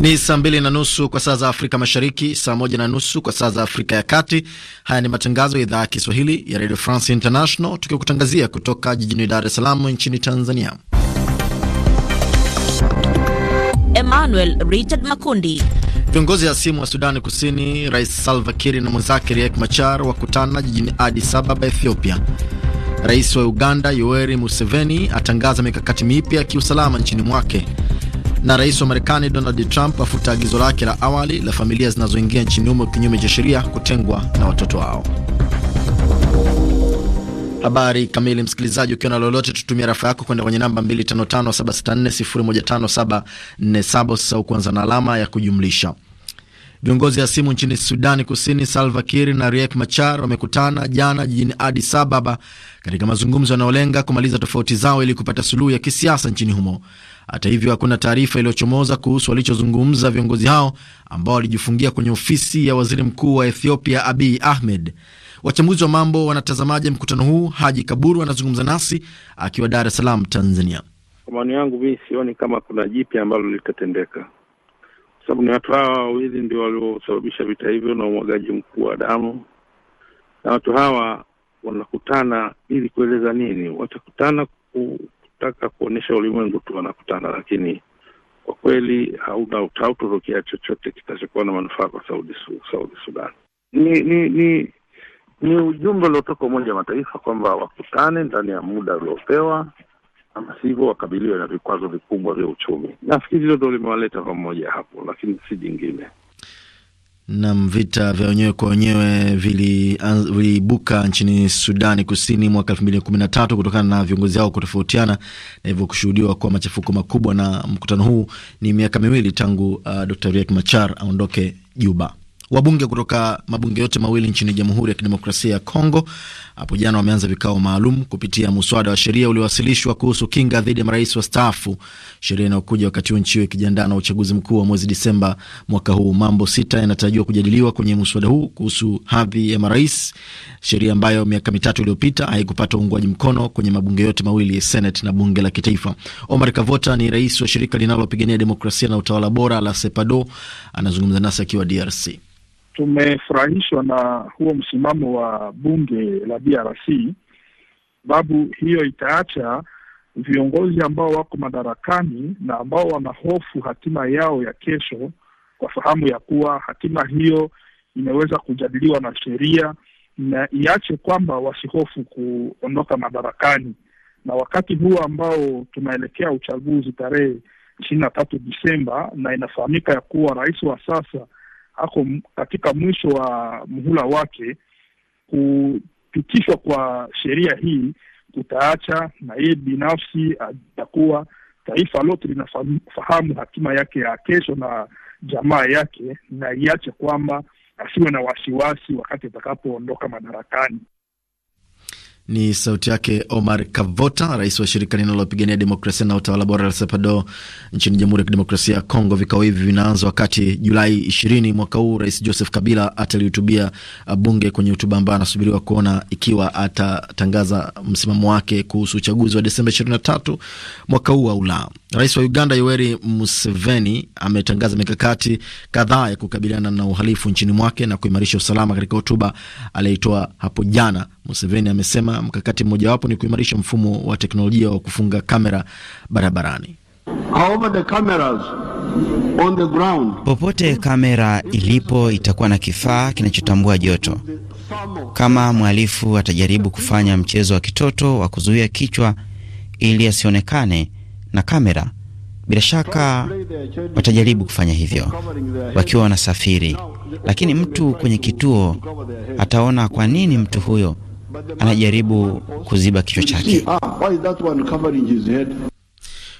Ni saa mbili na nusu kwa saa za Afrika Mashariki, saa moja na nusu kwa saa za Afrika ya Kati. Haya ni matangazo ya idhaa ya Kiswahili ya Radio France International, tukikutangazia kutoka jijini Dar es Salaam nchini Tanzania. Emmanuel Richard Makundi. Viongozi hasimu wa Sudani Kusini, Rais Salva Kiir na mwenzake Riek Machar wakutana jijini Addis Ababa, Ethiopia. Rais wa Uganda Yoweri Museveni atangaza mikakati mipya ya kiusalama nchini mwake na rais wa Marekani Donald Trump afuta agizo lake la awali la familia zinazoingia nchini humo kinyume cha sheria kutengwa na watoto wao. Habari kamili, msikilizaji, ukiwa na lolote, tutumia rafa yako kwenda kwenye namba 255764015747 sasa kuanza na alama ya kujumlisha. Viongozi ya simu nchini Sudani Kusini Salva Kiir na Riek Machar wamekutana jana jijini Addis Ababa katika mazungumzo yanayolenga kumaliza tofauti zao ili kupata suluhu ya kisiasa nchini humo. Hata hivyo, hakuna taarifa iliyochomoza kuhusu walichozungumza viongozi hao ambao walijifungia kwenye ofisi ya waziri mkuu wa Ethiopia Abiy Ahmed. Wachambuzi wa mambo wanatazamaje mkutano huu? Haji Kaburu anazungumza nasi akiwa Dar es Salaam, Tanzania. Kwa maoni yangu mimi sioni kama kuna jipya ambalo litatendeka, kwa sababu ni watu hawa wawili ndio waliosababisha vita hivyo na umwagaji mkuu wa damu, na watu hawa wanakutana ili kueleza nini? Watakutana kutaka kuonyesha ulimwengu tu wanakutana, lakini kwa kweli hautotokea chochote kitachokuwa na manufaa kwa Saudi, Saudi Sudan. Ni ni ni ni ujumbe uliotoka Umoja wa Mataifa kwamba wakutane ndani ya muda uliopewa, ama sivyo wakabiliwe na vikwazo vikubwa vya uchumi. Nafikiri hilo ndo limewaleta pamoja hapo, lakini si jingine. Nam, vita vya wenyewe kwa wenyewe viliibuka vili nchini Sudani Kusini mwaka elfu mbili kumi na tatu kutokana na viongozi hao kutofautiana na hivyo kushuhudiwa kwa machafuko makubwa. Na mkutano huu ni miaka miwili tangu uh, Dr Riek Machar aondoke Juba. Wabunge kutoka mabunge yote mawili nchini Jamhuri ya Kidemokrasia ya Kongo hapo jana wameanza vikao maalum kupitia muswada wa sheria uliowasilishwa kuhusu kinga dhidi ya marais wa staafu, sheria inayokuja wakati huu nchi hiyo ikijiandaa na uchaguzi mkuu wa mwezi Disemba mwaka huu. Mambo sita yanatarajiwa kujadiliwa kwenye muswada huu kuhusu hadhi ya marais, sheria ambayo miaka mitatu iliyopita haikupata uungwaji mkono kwenye mabunge yote mawili, Senate na bunge la kitaifa. Omar Kavota ni rais wa shirika linalopigania demokrasia na utawala bora la SEPADO, anazungumza nasi akiwa DRC tumefurahishwa na huo msimamo wa bunge la DRC sababu hiyo itaacha viongozi ambao wako madarakani na ambao wanahofu hatima yao ya kesho, kwa fahamu ya kuwa hatima hiyo imeweza kujadiliwa na sheria, na iache kwamba wasihofu kuondoka madarakani. Na wakati huo ambao tunaelekea uchaguzi tarehe ishirini na tatu Disemba, na inafahamika ya kuwa rais wa sasa ako katika mwisho wa mhula wake, kupitishwa kwa sheria hii kutaacha na yeye binafsi atakuwa taifa lote linafahamu hatima yake ya kesho na jamaa yake, na iache kwamba asiwe na wasiwasi wakati atakapoondoka madarakani. Ni sauti yake Omar Kavota, rais wa shirika linalopigania demokrasia na utawala bora la Salvador nchini Jamhuri ya Kidemokrasia ya Kongo. Vikao hivi vinaanza wakati Julai 20 mwaka huu Rais Joseph Kabila atalihutubia bunge kwenye hutuba ambayo anasubiriwa kuona ikiwa atatangaza msimamo wake kuhusu uchaguzi wa Desemba 23 mwaka huu au la. Rais wa Uganda Yoweri Museveni ametangaza mikakati kadhaa ya kukabiliana na uhalifu nchini mwake na kuimarisha usalama. Katika hotuba aliyoitoa hapo jana, Museveni amesema mkakati mmojawapo ni kuimarisha mfumo wa teknolojia wa kufunga kamera barabarani. Popote kamera ilipo itakuwa na kifaa kinachotambua joto. Kama mhalifu atajaribu kufanya mchezo wa kitoto wa kuzuia kichwa ili asionekane na kamera. Bila shaka watajaribu kufanya hivyo wakiwa wanasafiri, lakini mtu kwenye kituo ataona kwa nini mtu huyo anajaribu kuziba kichwa chake.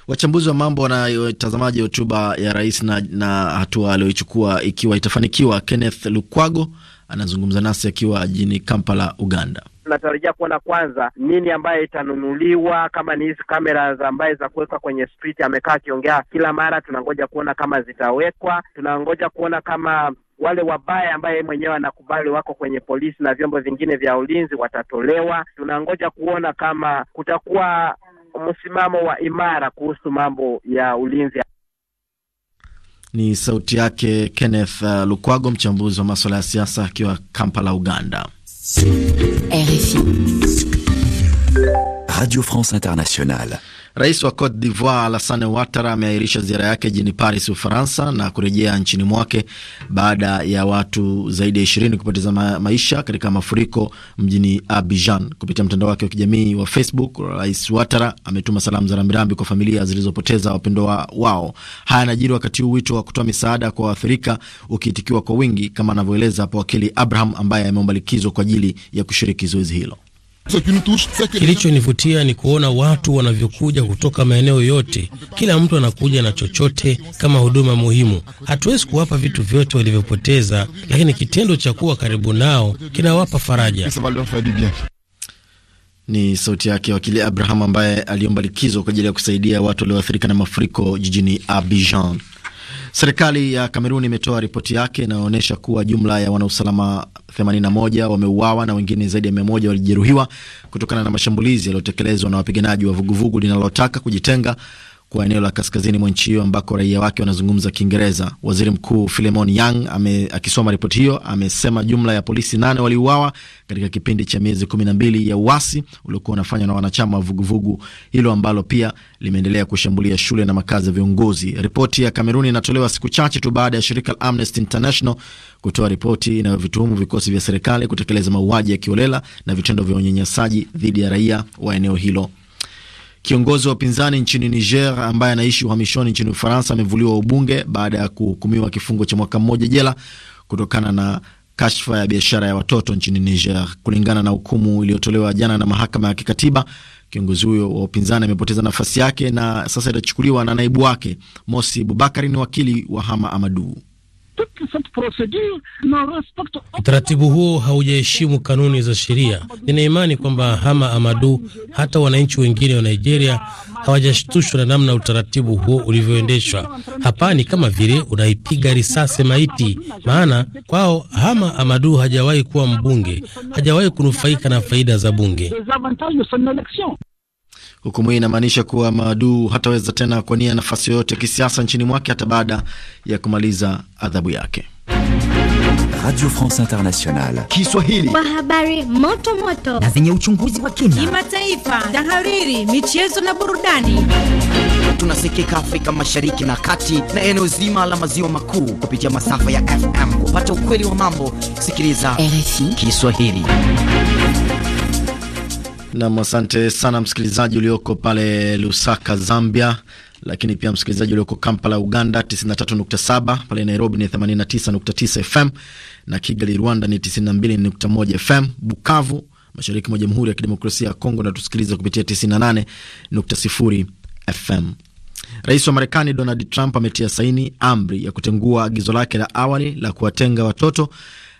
Wachambuzi wa mambo wanatazamaji hotuba ya rais na, na hatua aliyoichukua ikiwa itafanikiwa. Kenneth Lukwago anazungumza nasi akiwa jijini Kampala, Uganda tunatarajia kuona kwanza nini ambayo itanunuliwa, kama ni hizi kamera ambaye za kuweka kwenye street. Amekaa akiongea kila mara, tunangoja kuona kama zitawekwa, tunangoja kuona kama wale wabaya ambaye mwenyewe anakubali wako kwenye polisi na vyombo vingine vya ulinzi watatolewa. Tunangoja kuona kama kutakuwa msimamo wa imara kuhusu mambo ya ulinzi. Ni sauti yake Kenneth uh, Lukwago, mchambuzi wa maswala ya siasa akiwa Kampala, Uganda. RFI. Radio France Internationale. Rais wa Cote d'Ivoire Alassane Ouattara ameahirisha ziara yake jijini Paris, Ufaransa, na kurejea nchini mwake baada ya watu zaidi ya ishirini kupoteza ma maisha katika mafuriko mjini Abidjan. Kupitia mtandao wake wa kijamii wa Facebook, Rais Ouattara ametuma salamu za rambirambi kwa familia zilizopoteza wapendwa wao. Haya yanajiri wakati huu wito wa kutoa misaada kwa waathirika ukiitikiwa kwa wingi, kama anavyoeleza hapo wakili Abraham ambaye ameomba likizo kwa ajili ya kushiriki zoezi hilo. Kilichonivutia ni kuona watu wanavyokuja kutoka maeneo yote. Kila mtu anakuja na chochote kama huduma muhimu. Hatuwezi kuwapa vitu vyote walivyopoteza, lakini kitendo cha kuwa karibu nao kinawapa faraja. Ni sauti yake wakili Abraham ambaye aliomba likizo kwa ajili ya kusaidia watu walioathirika na mafuriko jijini Abidjan. Serikali ya Kameruni imetoa ripoti yake inayoonyesha kuwa jumla ya wanausalama 81 wameuawa na wengine zaidi ya 100 walijeruhiwa kutokana na mashambulizi yaliyotekelezwa na wapiganaji wa vuguvugu linalotaka kujitenga kwa eneo la kaskazini mwa nchi hiyo ambako raia wake wanazungumza Kiingereza. Waziri Mkuu Filemon Yang ame, akisoma ripoti hiyo amesema jumla ya polisi nane waliuawa katika kipindi cha miezi kumi na mbili ya uasi uliokuwa unafanywa na wanachama wa vuguvugu hilo ambalo pia limeendelea kushambulia shule na makazi ya viongozi. Ripoti ya Kameruni inatolewa siku chache tu baada ya shirika la Amnesty International kutoa ripoti inayovituhumu vikosi vya serikali kutekeleza mauaji ya kiolela na vitendo vya unyanyasaji dhidi ya raia wa eneo hilo. Kiongozi wa upinzani nchini Niger ambaye anaishi uhamishoni nchini Ufaransa amevuliwa ubunge baada ya kuhukumiwa kifungo cha mwaka mmoja jela kutokana na kashfa ya biashara ya watoto nchini Niger. Kulingana na hukumu iliyotolewa jana na mahakama ya kikatiba, kiongozi huyo wa upinzani amepoteza nafasi yake na sasa itachukuliwa na naibu wake. Mosi Bubakari ni wakili wa Hama Amadu. Utaratibu huo haujaheshimu kanuni za sheria. Nina imani kwamba Hama Amadu, hata wananchi wengine wa Nigeria hawajashtushwa na namna utaratibu huo ulivyoendeshwa. Hapa ni kama vile unaipiga risasi maiti, maana kwao Hama Amadu hajawahi kuwa mbunge, hajawahi kunufaika na faida za bunge. Hukumu hii inamaanisha kuwa maadu hataweza tena kuwania nafasi yoyote ya kisiasa nchini mwake hata baada ya kumaliza adhabu yake. Radio France Internationale Kiswahili kwa habari moto moto na zenye uchunguzi wa kina, kimataifa, tahariri, michezo na burudani. Tunasikika Afrika Mashariki na Kati na eneo zima la maziwa makuu kupitia masafa ya FM. Kupata ukweli wa mambo, sikiliza RFI Kiswahili. Nam, asante sana msikilizaji ulioko pale Lusaka, Zambia, lakini pia msikilizaji ulioko Kampala, Uganda 93.7, pale Nairobi ni 89.9 FM na Kigali, Rwanda ni 92.1 FM, Bukavu mashariki mwa Jamhuri ya Kidemokrasia ya Kongo natusikiliza kupitia 98.0 FM. Rais wa Marekani Donald Trump ametia saini amri ya kutengua agizo lake la awali la kuwatenga watoto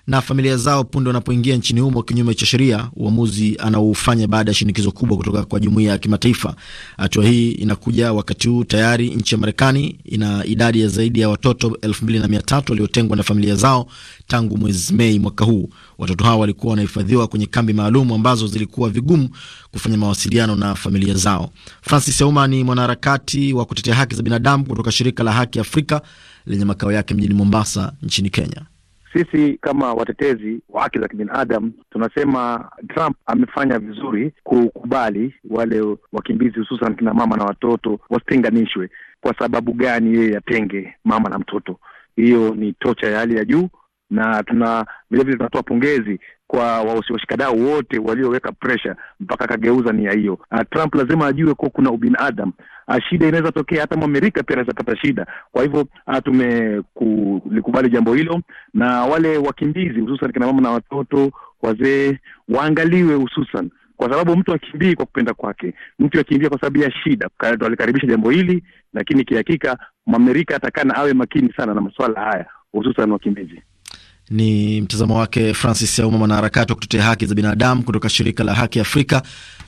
na familia zao punde wanapoingia nchini humo kinyume cha sheria, uamuzi anaoufanya baada ya shinikizo kubwa kutoka kwa jumuiya ya kimataifa. Hatua hii inakuja wakati huu tayari nchi ya Marekani ina idadi ya zaidi ya watoto elfu waliotengwa na familia zao tangu mwezi Mei mwaka huu. Watoto hao walikuwa wanahifadhiwa kwenye kambi maalum ambazo zilikuwa vigumu kufanya mawasiliano na familia zao. Francis Auma ni mwanaharakati wa kutetea haki za binadamu kutoka shirika la Haki Afrika lenye makao yake mjini Mombasa nchini Kenya. Sisi kama watetezi wa haki za kibinadamu tunasema Trump amefanya vizuri kukubali wale wakimbizi, hususan kina mama na watoto wasitenganishwe. Kwa sababu gani yeye yatenge mama na mtoto? Hiyo ni tocha ya hali ya juu, na tuna vilevile tunatoa pongezi kwa washikadau wote walioweka pressure mpaka akageuza nia hiyo. Ah, Trump lazima ajue kuwa kuna ubinadamu. Ah, shida inaweza tokea, hata Mwamerika pia anaweza pata shida. Kwa hivyo ah, tumelikubali jambo hilo, na wale wakimbizi hususan kina mama na watoto, wazee waangaliwe hususan kwa sababu mtu akimbii kwa kupenda kwake, mtu akimbia kwa sababu ya shida. Alikaribisha jambo hili, lakini kihakika Mwamerika atakana awe makini sana na masuala haya, hususan wakimbizi. Ni mtazamo wake Francis Yauma, mwanaharakati wa kutetea haki za binadamu kutoka shirika la Haki Afrika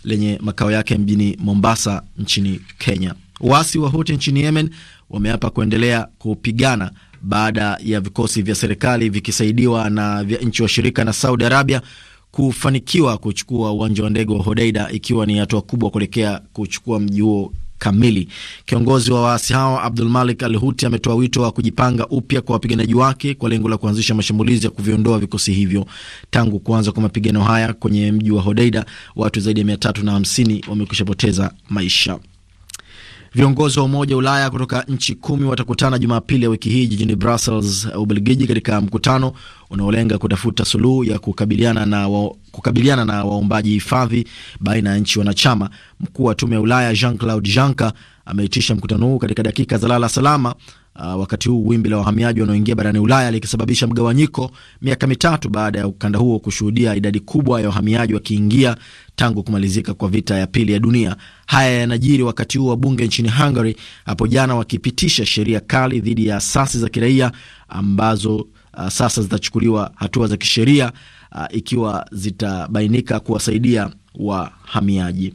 lenye makao yake mjini Mombasa nchini Kenya. Waasi wa hote nchini Yemen wameapa kuendelea kupigana baada ya vikosi vya serikali vikisaidiwa na vya nchi washirika na Saudi Arabia kufanikiwa kuchukua uwanja wa ndege wa Hodeida, ikiwa ni hatua kubwa kuelekea kuchukua mji huo kamili. Kiongozi wa waasi hao Abdul Malik Al Huti ametoa wito wa kujipanga upya kwa wapiganaji wake kwa lengo la kuanzisha mashambulizi ya kuviondoa vikosi hivyo. Tangu kuanza kwa mapigano haya kwenye mji wa Hodeida, watu zaidi ya mia tatu na hamsini wamekwisha poteza maisha. Viongozi wa Umoja wa Ulaya kutoka nchi kumi watakutana Jumapili ya wiki hii jijini Brussels, uh, Ubelgiji, katika mkutano unaolenga kutafuta suluhu ya kukabiliana na wa, kukabiliana na waombaji hifadhi baina ya nchi wanachama. Mkuu wa Tume ya Ulaya Jean Claude Juncker ameitisha mkutano huu katika dakika za lala salama uh, wakati huu wimbi la wahamiaji wanaoingia barani Ulaya likisababisha mgawanyiko, miaka mitatu baada ya ukanda huo kushuhudia idadi kubwa ya wahamiaji wakiingia tangu kumalizika kwa vita ya pili ya dunia. Haya yanajiri wakati huu wabunge nchini Hungary hapo jana wakipitisha sheria kali dhidi ya asasi za kiraia ambazo uh, sasa zitachukuliwa hatua za kisheria uh, ikiwa zitabainika kuwasaidia wahamiaji.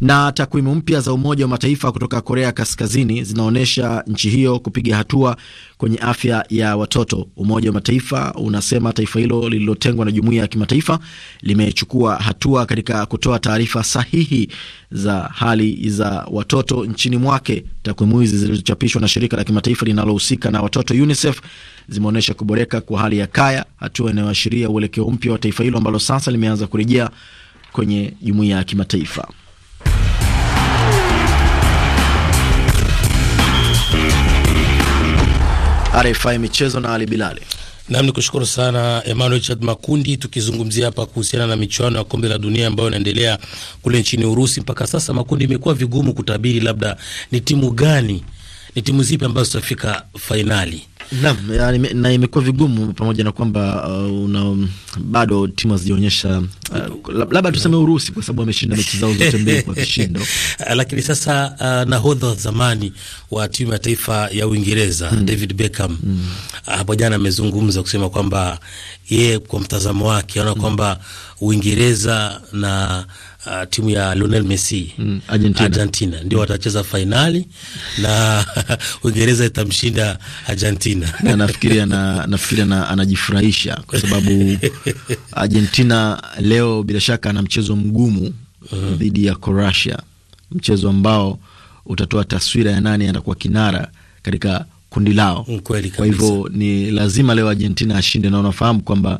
Na takwimu mpya za Umoja wa Mataifa kutoka Korea Kaskazini zinaonyesha nchi hiyo kupiga hatua kwenye afya ya watoto. Umoja wa Mataifa unasema taifa hilo lililotengwa na jumuiya ya kimataifa limechukua hatua katika kutoa taarifa sahihi za hali za watoto nchini mwake. Takwimu hizi zilizochapishwa na shirika la kimataifa linalohusika na watoto UNICEF zimeonyesha kuboreka kwa hali ya kaya, hatua inayoashiria uelekeo mpya wa taifa hilo ambalo sasa limeanza kurejea kwenye jumuiya ya kimataifa. RFI michezo na Ali Bilali. Nam ni kushukuru sana Emmanuel Chad Makundi. Tukizungumzia hapa kuhusiana na michuano ya kombe la dunia ambayo inaendelea kule nchini Urusi, mpaka sasa Makundi, imekuwa vigumu kutabiri labda ni timu gani, ni timu zipi ambazo zitafika fainali Naam, yani, na imekuwa vigumu pamoja na kwamba uh, una bado timu hazijaonyesha uh, labda tuseme Urusi kwa sababu ameshinda mechi zao zote mbili kwa kishindo lakini sasa uh, nahodha wa zamani wa timu ya taifa ya Uingereza hmm. David Beckham hmm. hapo jana amezungumza kusema kwamba yeye kwa mtazamo wake anaona hmm. kwamba Uingereza na uh, timu ya Lionel Messi mm, Argentina, Argentina ndio watacheza fainali na Uingereza itamshinda Argentina na nafikiria na, nafikiria na, anajifurahisha kwa sababu Argentina leo bila shaka ana mchezo mgumu mm-hmm. dhidi ya Croatia, mchezo ambao utatoa taswira ya nani atakuwa kinara katika kundi lao. Mm, kwa hivyo ni lazima leo Argentina ashinde, na unafahamu kwamba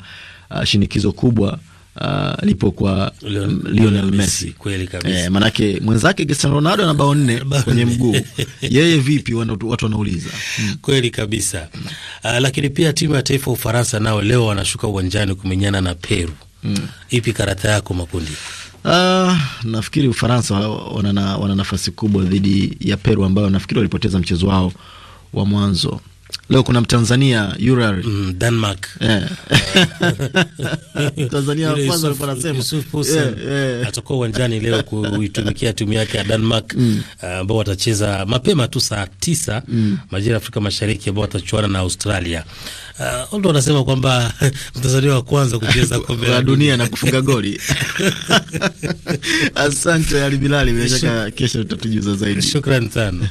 uh, shinikizo kubwa uh, lipo um, Lionel Messi kweli kabisa eh, manake mwenzake Cristiano Ronaldo ana bao nne kwenye mguu yeye vipi, watu wanauliza mm. Kweli kabisa Uh, lakini pia timu ya taifa Ufaransa nao leo wanashuka uwanjani kumenyana na Peru mm. Ipi karata yako makundi? Uh, nafikiri Ufaransa wana, wana nafasi kubwa dhidi ya Peru ambayo nafikiri walipoteza mchezo wao wa mwanzo Leo kuna Mtanzania Urari mm, Denmark yeah. Tanzania kwanza alikuwa anasema yeah, yeah. Eh. Atakuwa uwanjani leo kuitumikia timu yake ya Denmark mm. Eh, ambao mm. uh, watacheza mapema tu saa tisa mm. majira ya Afrika Mashariki ambao watachuana na Australia. Uh, eh, ndo anasema kwamba Mtanzania wa kwanza kucheza kombe la dunia na kufunga goli. Asante Ali Bilali, bila shaka kesho tutatujuza zaidi. Shukran sana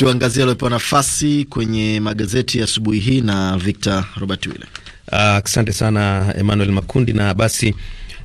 Tuangazie aliopewa nafasi kwenye magazeti ya asubuhi hii na Victor Robert Wille. Ah, asante uh, sana Emmanuel Makundi, na basi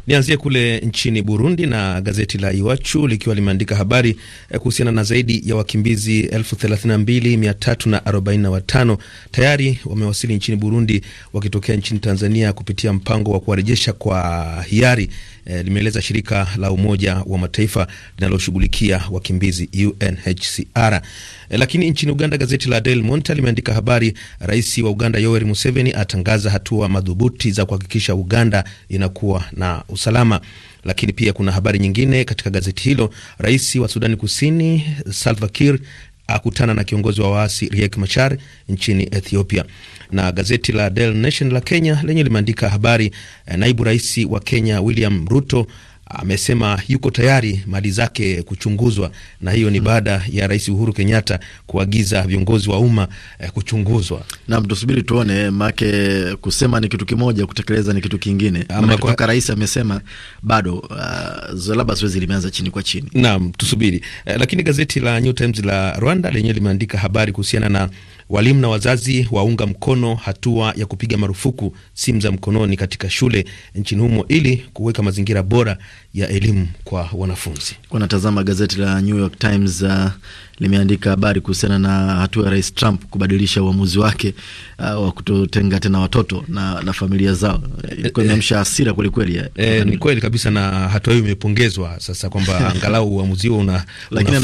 nianzie kule nchini Burundi na gazeti la Iwachu likiwa limeandika habari eh, kuhusiana na zaidi ya wakimbizi 32345 tayari wamewasili nchini Burundi wakitokea nchini Tanzania kupitia mpango wa kuwarejesha kwa hiari eh, limeeleza shirika la Umoja wa Mataifa linaloshughulikia wakimbizi UNHCR. Eh, lakini nchini Uganda gazeti la Daily Monitor limeandika habari, rais wa Uganda Yoweri Museveni atangaza hatua madhubuti za kuhakikisha Uganda inakuwa na usalama lakini pia kuna habari nyingine katika gazeti hilo. Rais wa Sudani Kusini Salva Kiir akutana na kiongozi wa waasi Riek Machar nchini Ethiopia. Na gazeti la Daily Nation la Kenya lenye limeandika habari, eh, naibu rais wa Kenya William Ruto amesema yuko tayari mali zake kuchunguzwa, na hiyo ni hmm. baada ya Rais Uhuru Kenyatta kuagiza viongozi wa umma eh, kuchunguzwa. Naam, tusubiri tuone, make kusema ni kitu kimoja, kutekeleza ni kitu kingine. Kutoka rais amesema bado, uh, labda zoezi limeanza chini kwa chini. Naam, tusubiri eh, lakini gazeti la New Times la Rwanda lenyewe limeandika habari kuhusiana na Walimu na wazazi waunga mkono hatua ya kupiga marufuku simu za mkononi katika shule nchini humo ili kuweka mazingira bora ya elimu kwa wanafunzi. Wanatazama gazeti la New York Times uh, limeandika habari kuhusiana na hatua ya Rais Trump kubadilisha uamuzi wake uh, wa kutotenga tena watoto na, na familia zao. Ilikuwa eh, eh, imeamsha hasira kweli kweli. Eh, ni kweli kabisa, na hatua hiyo imepongezwa sasa kwamba angalau uamuzi huo una, lakini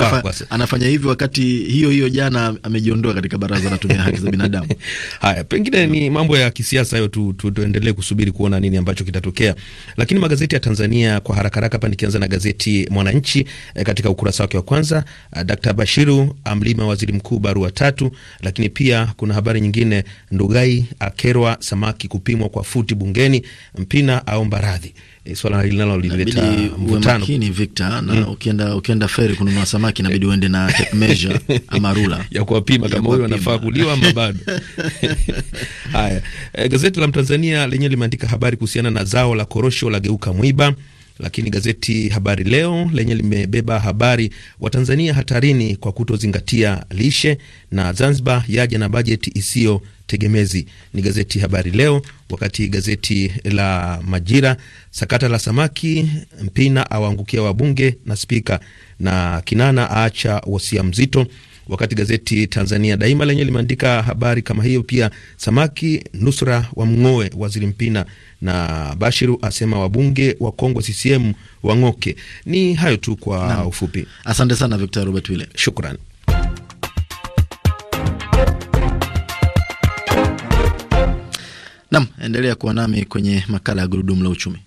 anafanya hivi wakati hiyo hiyo jana amejiondoa katika baraza anatumia haki za binadamu. Haya, pengine ni mambo ya kisiasa hayo tu, tu, tuendelee kusubiri kuona nini ambacho kitatokea. Lakini magazeti ya Tanzania kwa haraka haraka hapa, nikianza na gazeti Mwananchi eh, katika ukurasa wake wa kwanza eh, Dr. Bashiru amlima waziri mkuu barua tatu, lakini pia kuna habari nyingine, Ndugai akerwa samaki kupimwa kwa futi bungeni, Mpina aomba radhi e, swala linalolileta mvutano Victor na mm. ukienda ukienda feri kununua samaki inabidi uende na tape measure ama rula ya kuwapima kama huyo anafaa kuliwa ama bado. Haya, e, gazeti la Mtanzania lenyewe limeandika habari kuhusiana na zao la korosho la geuka mwiba lakini gazeti Habari Leo lenye limebeba habari Watanzania hatarini kwa kutozingatia lishe na Zanzibar yaja na bajeti isiyo tegemezi. Ni gazeti Habari Leo. Wakati gazeti la Majira, sakata la samaki, Mpina awaangukia wabunge na spika, na Kinana aacha wasia mzito wakati gazeti Tanzania Daima lenye limeandika habari kama hiyo pia. Samaki nusra wa mng'oe waziri Mpina na Bashiru asema wabunge wa Kongwe CCM wang'oke. Ni hayo tu kwa na ufupi. Asante sana Victor Robert Wile, shukran. Nam, endelea kuwa nami kwenye makala ya gurudumu la uchumi.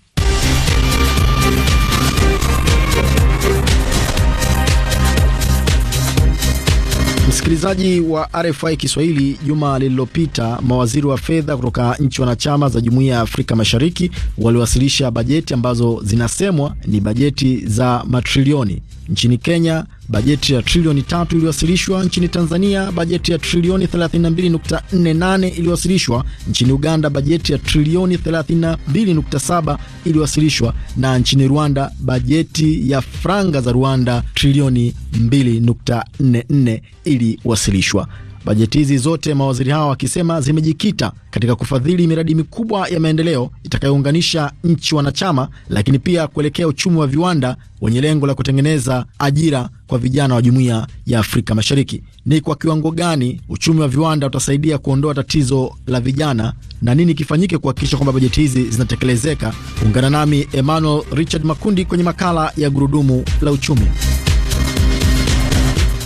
Msikilizaji wa RFI Kiswahili, juma lililopita mawaziri wa fedha kutoka nchi wanachama za Jumuiya ya Afrika Mashariki waliwasilisha bajeti ambazo zinasemwa ni bajeti za matrilioni Nchini Kenya bajeti ya trilioni tatu iliwasilishwa. Nchini Tanzania bajeti ya trilioni 32.48 iliwasilishwa. Nchini Uganda bajeti ya trilioni 32.7 iliwasilishwa, na nchini Rwanda bajeti ya franga za Rwanda trilioni 2.44 iliwasilishwa. Bajeti hizi zote, mawaziri hao wakisema, zimejikita katika kufadhili miradi mikubwa ya maendeleo itakayounganisha nchi wanachama, lakini pia kuelekea uchumi wa viwanda wenye lengo la kutengeneza ajira kwa vijana wa jumuiya ya Afrika Mashariki. Ni kwa kiwango gani uchumi wa viwanda utasaidia kuondoa tatizo la vijana na nini kifanyike kuhakikisha kwamba bajeti hizi zinatekelezeka? Ungana nami Emmanuel Richard Makundi kwenye makala ya Gurudumu la Uchumi.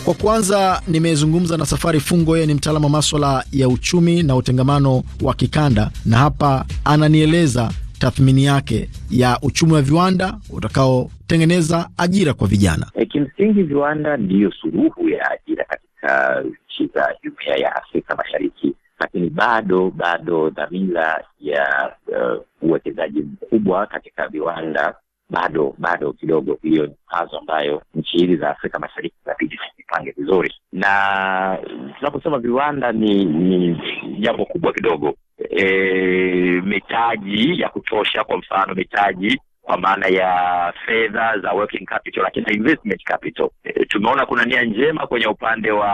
Kwa kwanza nimezungumza na Safari Fungo, yeye ni mtaalamu wa maswala ya uchumi na utengamano wa kikanda, na hapa ananieleza tathmini yake ya uchumi wa viwanda utakaotengeneza ajira kwa vijana. E, kimsingi viwanda ndiyo suluhu ya ajira katika nchi za jumuiya ya Afrika Mashariki, lakini bado bado dhamira ya eh, uwekezaji uh, mkubwa katika viwanda bado bado kidogo, hiyo ni mkazo ambayo nchi hizi za Afrika Mashariki zinabidi zipange vizuri, na tunaposema viwanda ni ni jambo kubwa kidogo. E, mitaji ya kutosha, kwa mfano mitaji kwa maana ya fedha za working capital, lakini na investment capital. E, tumeona kuna nia njema kwenye upande wa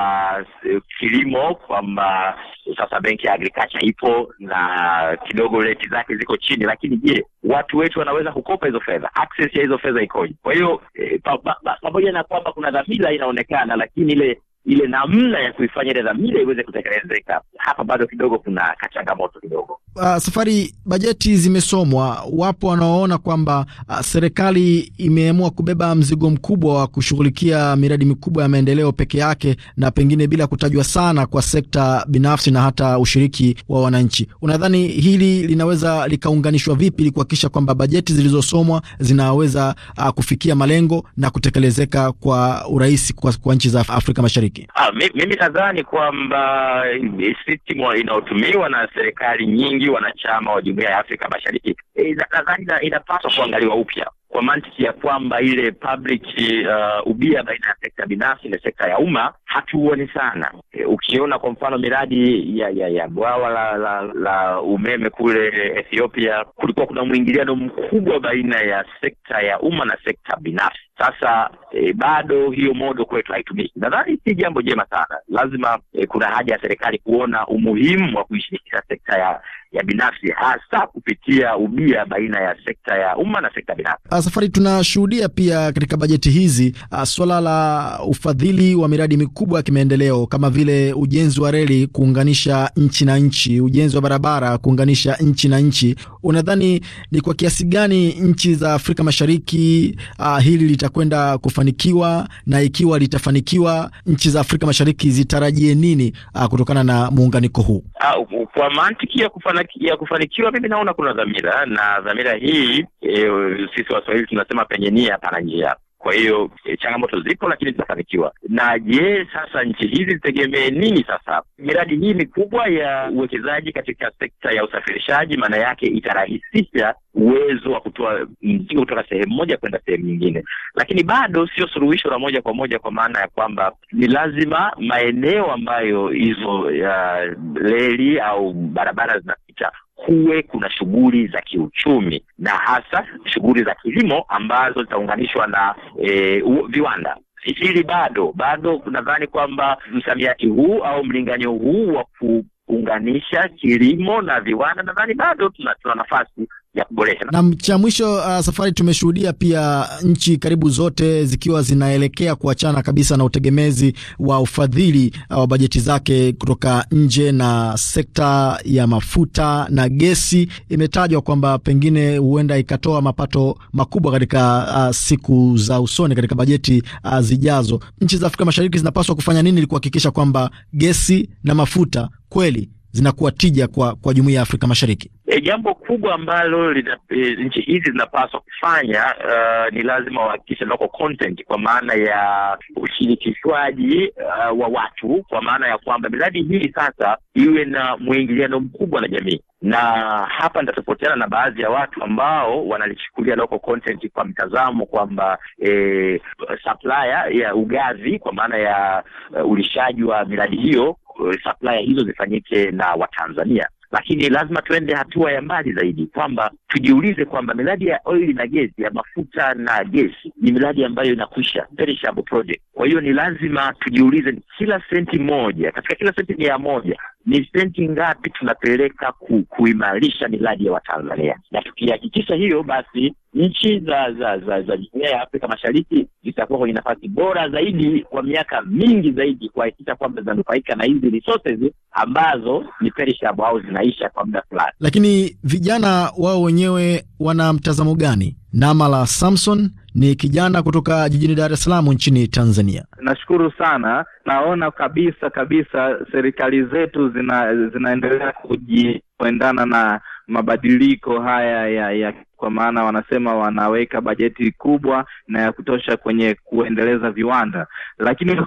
e, kilimo kwamba sasa benki ya agriculture ipo na kidogo reti zake ziko chini, lakini je, watu wetu wanaweza kukopa hizo fedha? Access ya hizo fedha ikoje? Kwa hiyo e, pamoja na kwamba kuna dhamira inaonekana, lakini ile ile namna ya kuifanya ile dhamira iweze kutekelezeka, hapa bado kidogo kuna kachangamoto kidogo. Uh, safari bajeti zimesomwa. Wapo wanaoona kwamba uh, serikali imeamua kubeba mzigo mkubwa wa kushughulikia miradi mikubwa ya maendeleo peke yake na pengine bila kutajwa sana kwa sekta binafsi na hata ushiriki wa wananchi. Unadhani hili linaweza likaunganishwa vipi ili kuhakikisha kwamba bajeti zilizosomwa zinaweza uh, kufikia malengo na kutekelezeka kwa urahisi kwa, kwa nchi za Afrika Mashariki? Ah, mimi nadhani kwamba eh, sistimu inayotumiwa na serikali nyingi nchi wanachama wa Jumuiya ya Afrika Mashariki eh, nadhani e, inapaswa kuangaliwa upya kwa mantiki ya kwamba ile public uh, ubia baina ya sekta binafsi na sekta ya umma hatuoni sana. E, ukiona kwa mfano miradi ya ya, ya bwawa la, la, la umeme kule Ethiopia, kulikuwa kuna mwingiliano mkubwa baina ya sekta ya umma na sekta binafsi sasa e, bado hiyo modo kwetu haitumiki. Nadhani si jambo jema sana. Lazima e, kuna haja ya serikali kuona umuhimu wa kuishirikisha sekta ya ya binafsi hasa kupitia ubia baina ya sekta ya umma na sekta binafsi. Ah, Safari tunashuhudia pia katika bajeti hizi ah, swala la ufadhili wa miradi mikubwa ya kimaendeleo kama vile ujenzi wa reli kuunganisha nchi na nchi, ujenzi wa barabara kuunganisha nchi na nchi. Unadhani ni kwa kiasi gani nchi za Afrika Mashariki a, ah, hili lita litakwenda kufanikiwa, na ikiwa litafanikiwa, nchi za Afrika Mashariki zitarajie nini uh, kutokana na muunganiko huu? Uh, kwa mantiki ya, ya kufanikiwa, mimi naona kuna dhamira na dhamira hii e, sisi Waswahili tunasema penye nia pana njia. Kwa hiyo e, changamoto zipo, lakini zitafanikiwa. Na je, sasa nchi hizi zitegemee nini? Sasa miradi hii mikubwa ya uwekezaji katika sekta ya usafirishaji, maana yake itarahisisha uwezo wa kutoa mzigo kutoka sehemu moja kwenda sehemu nyingine, lakini bado sio suluhisho la moja kwa moja, kwa maana ya kwamba ni lazima maeneo ambayo hizo uh, au barabara zina kuwe kuna shughuli za kiuchumi na hasa shughuli za kilimo ambazo zitaunganishwa na e, u, viwanda. Hili bado bado nadhani kwamba msamiati huu au mlinganyo huu wa kuunganisha kilimo na viwanda, nadhani bado tuna, tuna nafasi ya kuboresha. Na cha mwisho, uh, safari tumeshuhudia pia nchi karibu zote zikiwa zinaelekea kuachana kabisa na utegemezi wa ufadhili uh, wa bajeti zake kutoka nje, na sekta ya mafuta na gesi imetajwa kwamba pengine huenda ikatoa mapato makubwa katika uh, siku za usoni katika bajeti uh, zijazo. Nchi za Afrika Mashariki zinapaswa kufanya nini ili kuhakikisha kwamba gesi na mafuta kweli zinakuwa tija kwa, kwa jumuiya ya Afrika Mashariki? E, jambo kubwa ambalo lina, e, nchi hizi zinapaswa kufanya uh, ni lazima wahakikishe local content kwa maana ya ushirikishwaji uh, wa watu, kwa maana ya kwamba miradi hii sasa iwe na mwingiliano mkubwa na jamii, na hapa nitatofautiana na baadhi ya watu ambao wanalichukulia local content kwa mtazamo kwamba e, supplier ya ugavi kwa maana ya uh, ulishaji wa miradi hiyo supplier hizo zifanyike na Watanzania lakini lazima tuende hatua ya mbali zaidi kwamba tujiulize kwamba miradi ya oili na gesi ya mafuta na gesi ni miradi ambayo inakwisha perishable project. Kwa hiyo ni lazima tujiulize, kila senti moja katika kila senti mia moja ni senti ngapi tunapeleka ku, kuimarisha miradi ya Watanzania, na tukihakikisha hiyo basi nchi za za za za jumuiya ya Afrika Mashariki zitakuwa kwenye nafasi bora zaidi kwa miaka mingi zaidi kuhakikisha kwamba zinanufaika na hizi resources ambazo ni perishable au zinaisha kwa muda fulani, lakini vijana wao wenyewe wenyewe wana mtazamo gani? Namala Samson ni kijana kutoka jijini Dar es Salaam nchini Tanzania. Nashukuru sana, naona kabisa kabisa serikali zetu zina, zinaendelea kuendana na mabadiliko haya ya, ya kwa maana wanasema wanaweka bajeti kubwa na ya kutosha kwenye kuendeleza viwanda, lakini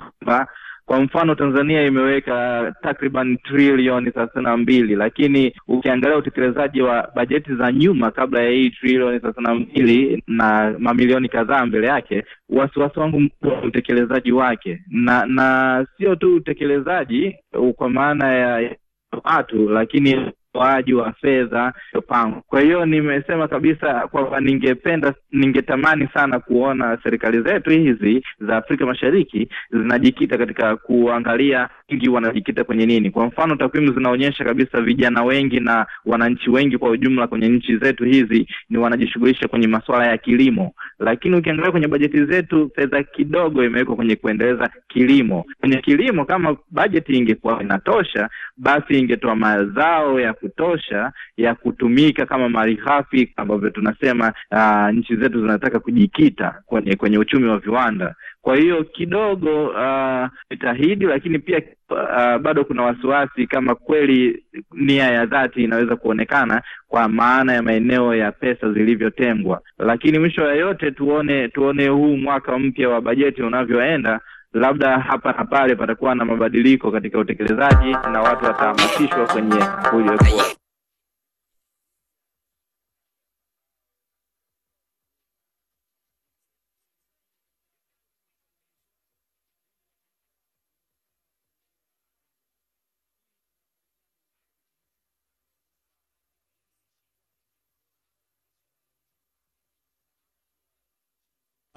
kwa mfano, Tanzania imeweka takriban trilioni thelathini na mbili, lakini ukiangalia utekelezaji wa bajeti za nyuma kabla ya hii trilioni thelathini na mbili na mamilioni kadhaa mbele yake, wasiwasi wangu mkubwa utekelezaji wake, na na sio tu utekelezaji kwa maana ya watu lakini utoaji wa fedha iliyopangwa. Kwa hiyo nimesema kabisa kwamba ningependa, ningetamani sana kuona serikali zetu hizi za Afrika Mashariki zinajikita katika kuangalia wengi wanajikita kwenye nini. Kwa mfano, takwimu zinaonyesha kabisa vijana wengi na wananchi wengi kwa ujumla kwenye nchi zetu hizi ni wanajishughulisha kwenye masuala ya kilimo, lakini ukiangalia kwenye bajeti zetu fedha kidogo imewekwa kwenye kuendeleza kilimo. Kwenye kilimo, kama bajeti ingekuwa inatosha, basi ingetoa mazao ya kutosha ya kutumika kama ghafi ambavyo tunasema uh, nchi zetu zinataka kujikita kwenye kwenye uchumi wa viwanda. Kwa hiyo kidogo ah, jitahidi uh, lakini pia uh, bado kuna wasiwasi kama kweli nia ya dhati inaweza kuonekana kwa maana ya maeneo ya pesa zilivyotengwa. Lakini mwisho yayote tuone tuone huu mwaka mpya wa bajeti unavyoenda labda hapa na pale patakuwa na mabadiliko katika utekelezaji na watu watahamasishwa kwenye huyo kuwa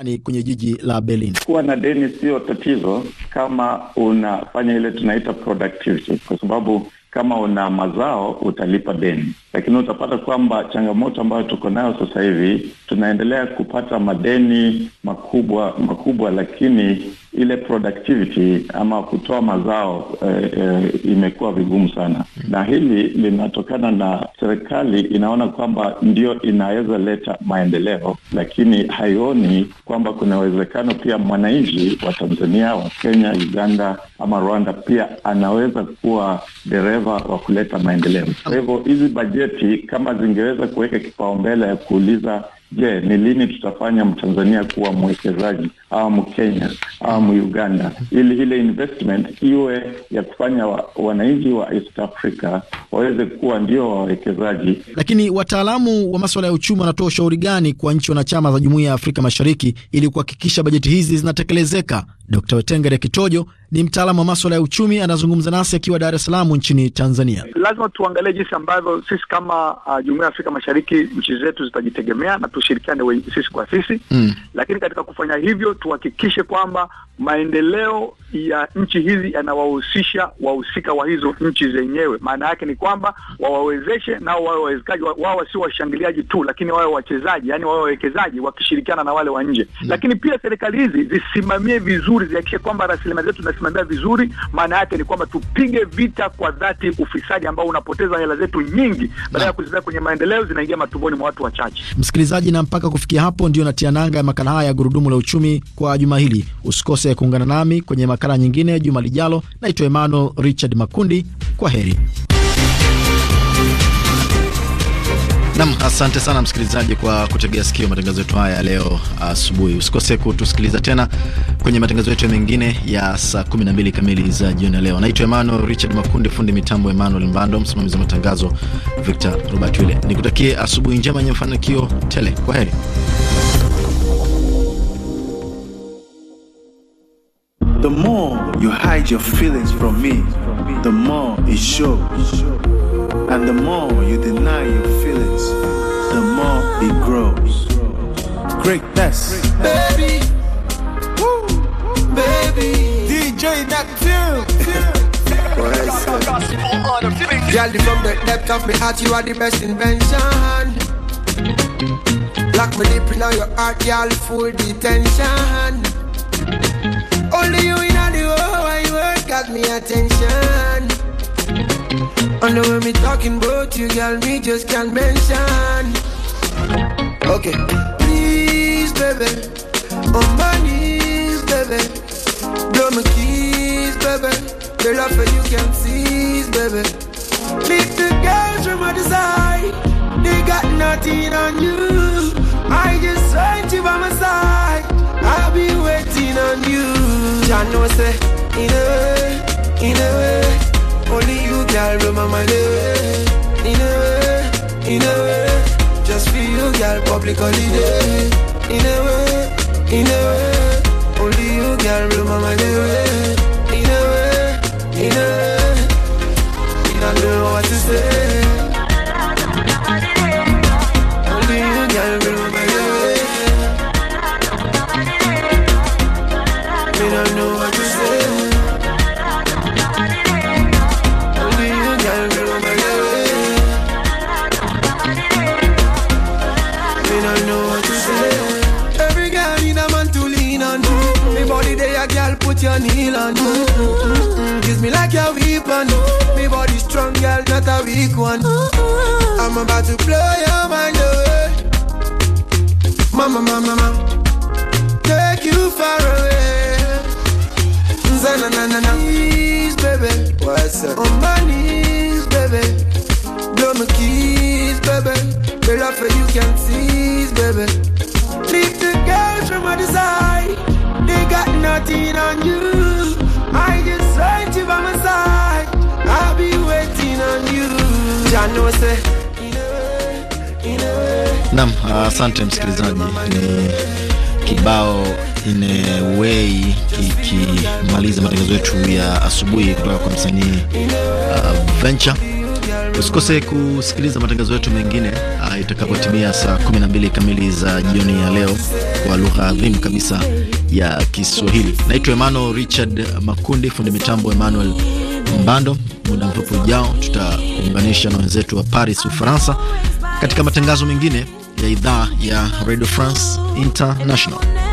ni kwenye jiji la Berlin. Kuwa na deni sio tatizo kama unafanya ile tunaita productivity, kwa sababu kama una mazao utalipa deni, lakini utapata kwamba changamoto ambayo tuko nayo sasa hivi, tunaendelea kupata madeni makubwa makubwa, lakini ile productivity ama kutoa mazao eh, eh, imekuwa vigumu sana, na hili linatokana na serikali inaona kwamba ndio inaweza leta maendeleo, lakini haioni kwamba kuna uwezekano pia mwananchi wa Tanzania, wa Kenya, Uganda ama Rwanda pia anaweza kuwa dereva dereva wa kuleta maendeleo. Kwa hivyo hizi bajeti kama zingeweza kuweka kipaumbele ya kuuliza Je, ni lini tutafanya Mtanzania kuwa mwekezaji au Mkenya au muuganda ili ile investment iwe ya kufanya wa, wananchi wa East Africa waweze kuwa ndio wawekezaji. Lakini wataalamu wa masuala ya uchumi wanatoa ushauri gani kwa nchi wanachama za Jumuiya ya Afrika Mashariki ili kuhakikisha bajeti hizi zinatekelezeka? Dr. Wetengere Kitojo ni mtaalamu wa maswala ya uchumi, anazungumza nasi akiwa Dar es Salaam nchini Tanzania. Lazima tuangalie jinsi ambavyo sisi kama uh, jumuiya ya Afrika Mashariki nchi zetu zitajitegemea na tushirikiane sisi kwa sisi mm. Lakini katika kufanya hivyo tuhakikishe kwamba maendeleo ya nchi hizi yanawahusisha wahusika wa hizo nchi zenyewe. Maana yake ni kwamba wawawezeshe nao wawe wawezekaji, wao wasio washangiliaji tu, lakini wawe wachezaji, yani wawe wawekezaji wakishirikiana na wale wa nje mm. Lakini pia serikali hizi zisimamie vizuri, zihakikishe kwamba rasilimali zetu kusimamia vizuri, maana yake ni kwamba tupige vita kwa dhati ufisadi ambao unapoteza hela zetu nyingi, badala ya kuziweka kwenye maendeleo zinaingia matumboni mwa watu wachache. Msikilizaji, na mpaka kufikia hapo ndio natia nanga ya makala haya ya gurudumu la uchumi kwa juma hili. Usikose kuungana nami kwenye makala nyingine juma lijalo. Naitwa Emmanuel Richard Makundi, kwa heri. Nam, asante sana msikilizaji kwa kutegea sikio matangazo yetu haya leo asubuhi. usikose kutusikiliza tena kwenye matangazo yetu mengine ya saa 12 kamili za jioni ya leo. Naitwa Emmanuel Richard Makundi, fundi mitambo Emmanuel Mbando, msimamizi wa matangazo Victor Robert Wile. Nikutakie asubuhi njema yenye mafanikio tele. Kwa heri. The more you hide your feelings from me, the more it shows. And the more you deny your feelings, the more it grows. Greatness. Baby. Woo. Baby. DJ Nactil. Girl, from the depth of me heart, you are the best invention. Lock me deep in your heart, girl, full detention. Only you in all the world, you work got me attention. And the way me talking about you, girl, me just can't mention. Okay, please, baby, on my knees, baby, blow my keys, baby. The love for you can not seize, baby. Leave the girls from my side, they got nothing on you. I just want you by my side. I'll be waiting on you. John you know, say, in a way, in a way. Only you, girl, blow my mind away. Eh. In a way, in a way. Just feel you, girl, public holiday. In a way, in a way. to blow your mind away. Mama, mama, mama, take you far away. Zana, na, na, na. Knees, baby. What's up? On my knees, baby. Blow my keys, baby. The love for you can seize, baby. Leave the girls from my side. They got nothing on you. I just want you by my side. I'll be waiting on you. John, no say. Nam, asante uh, msikilizaji. Ni kibao in a way kikimaliza matangazo yetu ya asubuhi kutoka kwa msanii uh, Venture. Usikose kusikiliza matangazo yetu mengine uh, itakapotimia saa 12 kamili za jioni ya leo kwa lugha adhimu kabisa ya Kiswahili. Naitwa Emmanuel Richard Makundi, fundi mitambo Emmanuel Mbando. Muda mfupi ujao tutakuunganisha na wenzetu wa Paris, Ufaransa, katika matangazo mengine ya idhaa ya Radio France International.